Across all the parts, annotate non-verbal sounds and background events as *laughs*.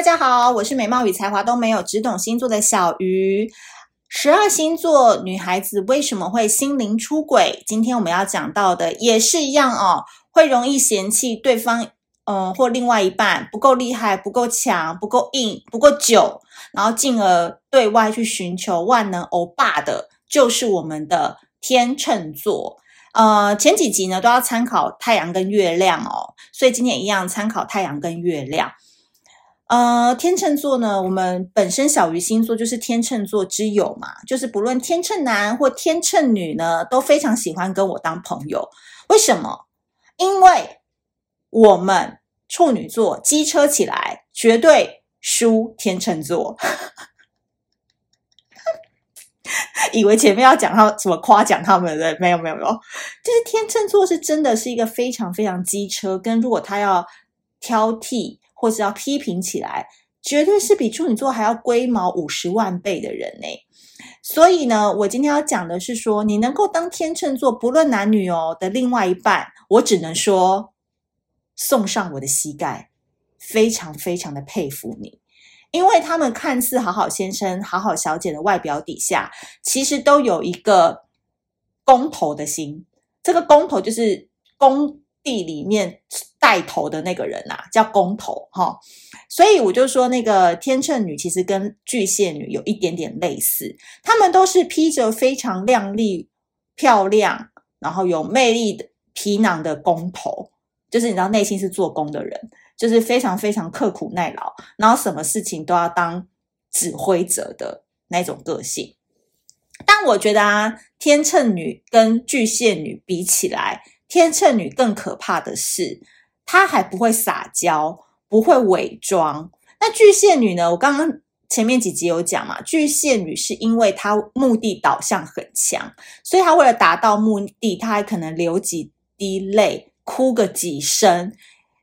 大家好，我是美貌與才華都沒有，只懂星座的小魚。十二星座女孩子為什麼會心靈出軌？今天我們要講到的也是一樣哦，會容易嫌棄對方，嗯、呃，或另外一半不夠厲害、不夠強、不夠硬、不夠久，然後進而對外去尋求萬能歐巴的，就是我們的天秤座。呃，前幾集呢都要參考太陽跟月亮哦，所以今天一樣參考太陽跟月亮。呃，天秤座呢，我們本身小魚星座就是天秤座之友嘛，就是不論天秤男或天秤女呢，都非常喜歡跟我當朋友。為什麼？因為我們處女座機車起來絕對輸天秤座。 *laughs* 以為前面要講到什麼誇獎他們的？沒有沒有沒有，就是天秤座是真的是一個非常非常機車，跟如果他要挑剔。或是要批評起來，絕對是比處女座還要龜毛五十萬倍的人哎、欸。所以呢，我今天要講的是說，你能夠當天秤座不論男女哦的另外一半，我只能說送上我的膝蓋，非常非常的佩服你，因為他們看似好好先生、好好小姐的外表底下，其實都有一個工頭的心。這個工頭就是公地裡面帶頭的那個人吶，啊，叫工頭哈，所以我就說那個天秤女其實跟巨蟹女有一點點類似，她們都是披着非常靚麗、漂亮，然後有魅力的皮囊的工頭，就是你知道內心是做工的人，就是非常非常刻苦耐勞，然後什麼事情都要當指揮者的那種個性。但我覺得啊，天秤女跟巨蟹女比起來。天秤女更可怕的是，她還不會撒嬌，不會偽裝。那巨蟹女呢？我剛剛前面幾集有講嘛，巨蟹女是因為她目的導向很強，所以她為了達到目的，她還可能流幾滴淚，哭個幾聲，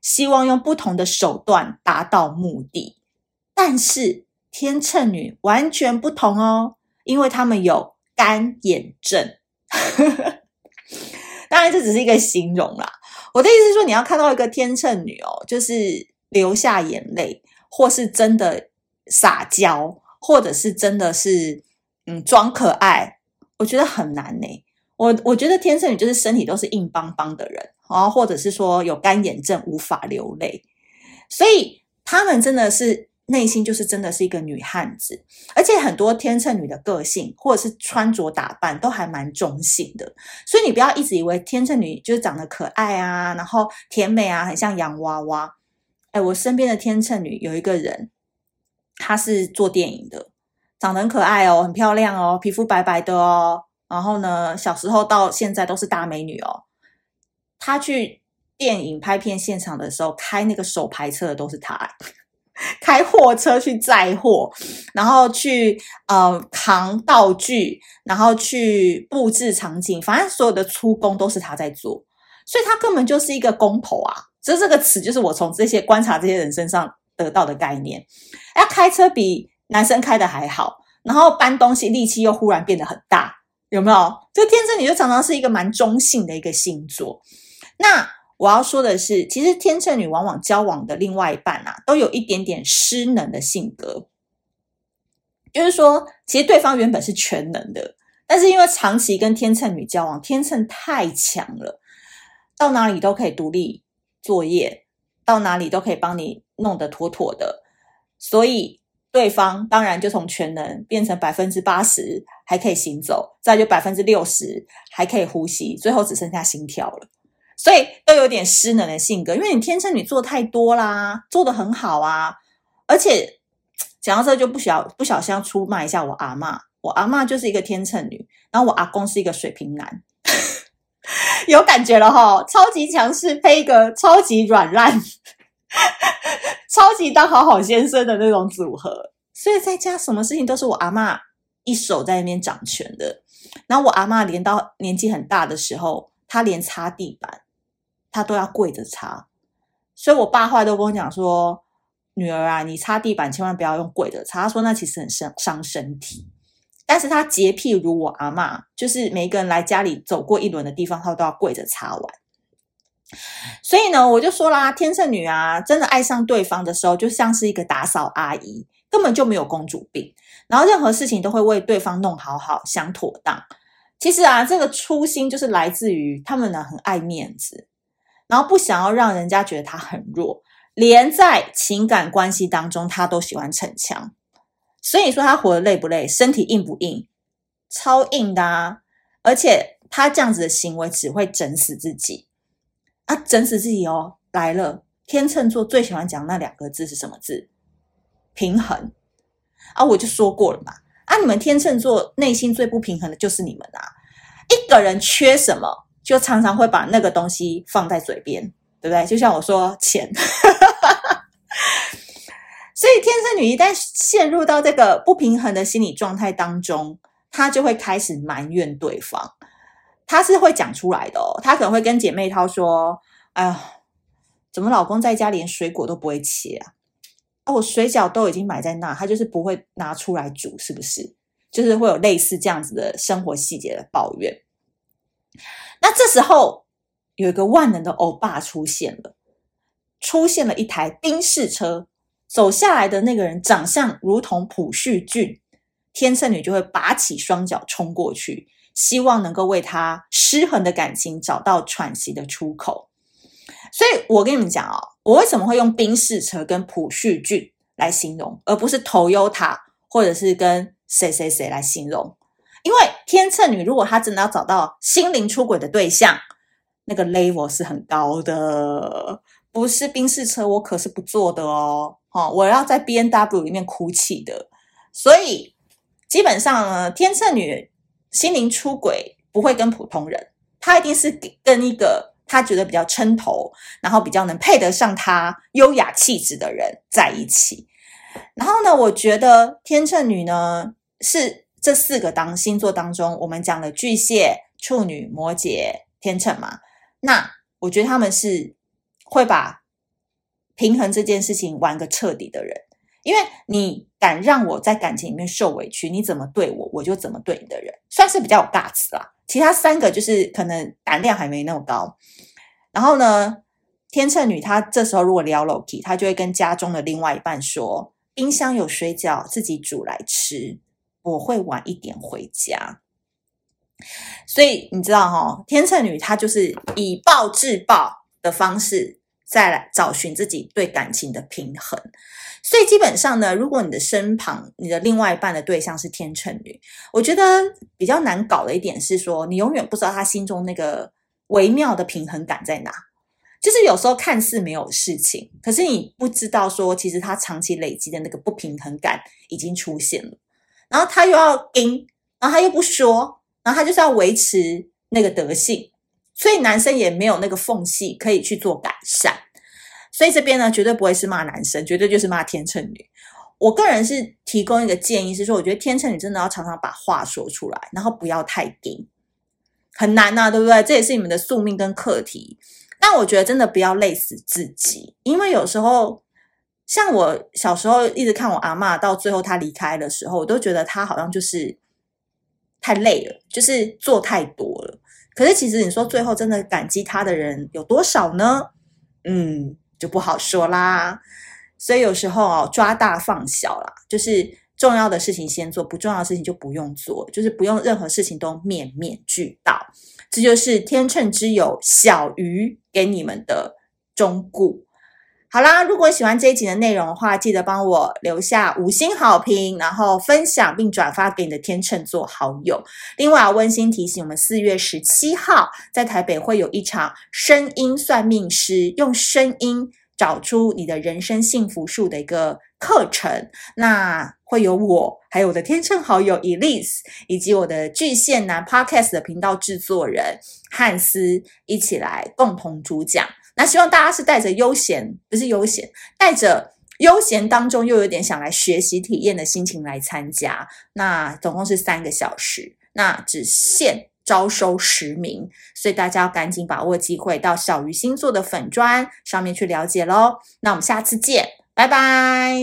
希望用不同的手段達到目的。但是天秤女完全不同哦，因為她們有乾眼症。 *laughs* 當然，這只是一個形容啦。我的意思是說，你要看到一個天秤女哦，就是流下眼淚，或是真的撒嬌，或者是真的是嗯，裝可愛，我覺得很難呢。我我覺得天秤女就是身體都是硬邦邦的人啊，然後或者是說有乾眼症無法流淚，所以他們真的是。內心就是真的是一個女漢子，而且很多天秤女的個性或者是穿着打扮都還蠻中性的，所以你不要一直以為天秤女就是長得可愛啊，然後甜美啊，很像洋娃娃、欸。誒我身邊的天秤女有一個人，她是做電影的，長得很可愛哦、喔，很漂亮哦、喔，皮膚白白的哦、喔，然後呢，小時候到現在都是大美女哦、喔。她去電影拍片現場的時候，開那個手排車的都是她、欸。開貨車去載貨，然後去呃扛道具，然後去布置場景，反正所有的出工都是他在做，所以他根本就是一個工頭啊。所以這個詞就是我從這些觀察這些人身上得到的概念。哎、啊，開車比男生開得還好，然後搬東西力氣又忽然變得很大，有沒有？就天秤你就常常是一個蠻中性的一個星座。那。我要說的是，其實天秤女往往交往的另外一半啊，都有一點點失能的性格。就是說，其實對方原本是全能的，但是因為長期跟天秤女交往，天秤太強了，到哪裡都可以獨立作業，到哪裡都可以幫你弄得妥妥的，所以對方當然就從全能變成百分之八十還可以行走，再就百分之六十還可以呼吸，最後只剩下心跳了。所以都有點失能的性格，因為你天秤女做太多啦，做得很好啊。而且講到這就不小不小心要出賣一下我阿嬤，我阿嬤就是一個天秤女，然後我阿公是一個水瓶男， *laughs* 有感覺了齁，超級強勢配一個超級軟爛、超級當好好先生的那種組合。所以在家什麼事情都是我阿嬤一手在那邊掌權的。然後我阿嬤連到年紀很大的時候，她連擦地板。他都要跪着擦，所以我爸後來都跟我講說：“女兒啊，你擦地板千萬不要用跪着擦，她說那其實很傷傷身體。”但是她潔癖如我阿媽，就是每個人來家裡走過一輪的地方，她都要跪着擦完。所以呢，我就說啦，天秤女啊，真的愛上對方的時候，就像是一個打掃阿姨，根本就沒有公主病，然後任何事情都會為對方弄好好、想妥當。其實啊，這個初心就是來自於他們呢很愛面子。然後不想要讓人家覺得他很弱，連在情感關係當中他都喜歡逞強，所以說他活得累不累？身體硬不硬？超硬的啊！而且他這樣子的行為只會整死自己。啊，整死自己哦！來了，天秤座最喜歡講那兩個字是什麼字？平衡。啊！我就說過了嘛！啊，你們天秤座內心最不平衡的就是你們啊！一個人缺什麼？就常常會把那個東西放在嘴邊，對不對？就像我說錢， *laughs* 所以天秤女一旦陷入到這個不平衡的心理狀態當中，她就會開始埋怨對方。她是會講出來的哦，她可能會跟姐妹淘說：“哎呀，怎麼老公在家連水果都不會切啊？啊，我水餃都已經買在那，他就是不會拿出來煮，是不是？就是會有類似這樣子的生活細節的抱怨。”那這時候，有一個萬能的歐巴出現了，出現了一台賓士車，走下來的那個人長相如同朴敘俊，天秤女就會拔起雙腳衝過去，希望能夠為他失衡的感情找到喘息的出口。所以我跟你們講哦，我為什麼會用賓士車跟朴敘俊來形容，而不是 Toyota 或者是跟誰誰誰來形容，因為。天秤女如果她真的要找到心靈出軌的對象，那個 level 是很高的，不是賓士車，我可是不坐的哦。哈、哦，我要在 B N W 裡面哭泣的。所以基本上呢，天秤女心靈出軌不會跟普通人，她一定是跟一個她覺得比較稱頭，然後比較能配得上她優雅氣質的人在一起。然後呢，我覺得天秤女呢是。這四個當星座當中，我們講了巨蟹、處女、摩羯、天秤嘛？那我覺得他們是會把平衡這件事情玩個徹底的人，因為你敢讓我在感情裡面受委屈，你怎麼對我，我就怎麼對你的人，算是比較有大 u 啦、啊。其他三個就是可能膽量還沒那麼高。然後呢，天秤女她這時候如果聊樓梯 l o k 她就會跟家中的另外一半說：“冰箱有水餃，自己煮來吃。”我會晚一點回家，所以你知道哈、哦，天秤女她就是以暴制暴的方式再來找尋自己對感情的平衡。所以基本上呢，如果你的身旁你的另外一半的對象是天秤女，我覺得比較難搞的一點是說，你永遠不知道她心中那個微妙的平衡感在哪。就是有時候看似沒有事情，可是你不知道說，其實她長期累積的那個不平衡感已經出現了。然後他又要硬，然後他又不說，然後他就是要維持那個德性，所以男生也沒有那個縫隙可以去做改善，所以這邊呢，絕對不會是罵男生，絕對就是罵天秤女。我個人是提供一個建議，是說我覺得天秤女真的要常常把話說出來，然後不要太硬，很難吶，啊，對不對？這也是你們的宿命跟課題。但我覺得真的不要累死自己，因為有時候。像我小時候一直看我阿嬤，到最後她離開的時候，我都覺得她好像就是太累了，就是做太多了。可是其實你說最後真的感激她的人有多少呢？嗯，就不好說啦。所以有時候啊、哦，抓大放小啦，就是重要的事情先做，不重要的事情就不用做，就是不用任何事情都面面俱到。這就是天秤之友小魚給你們的忠告。好啦，如果喜歡這一集的內容的話，記得幫我留下五星好評，然後分享並轉發給你的天秤座好友。另外，要溫馨提醒我們四月十七號在台北會有一場“聲音算命師”用聲音找出你的人生幸福數的一個課程。那會有我，還有我的天秤好友 Elise，以及我的巨蟹男 Podcast 的頻道製作人漢斯一起來共同主講。那希望大家是帶着悠閒，不是悠閒，帶着悠閒當中又有點想來學習體驗的心情來參加。那總共是三個小時，那只限招收十名，所以大家要趕緊把握機會，到小魚星座的粉專上面去了解嘍。那我們下次見，拜拜。